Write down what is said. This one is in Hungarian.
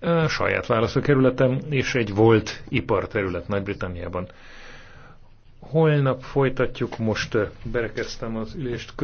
a saját választókerületem és egy volt iparterület Nagy-Britanniában. Holnap folytatjuk, most berekeztem az ülést.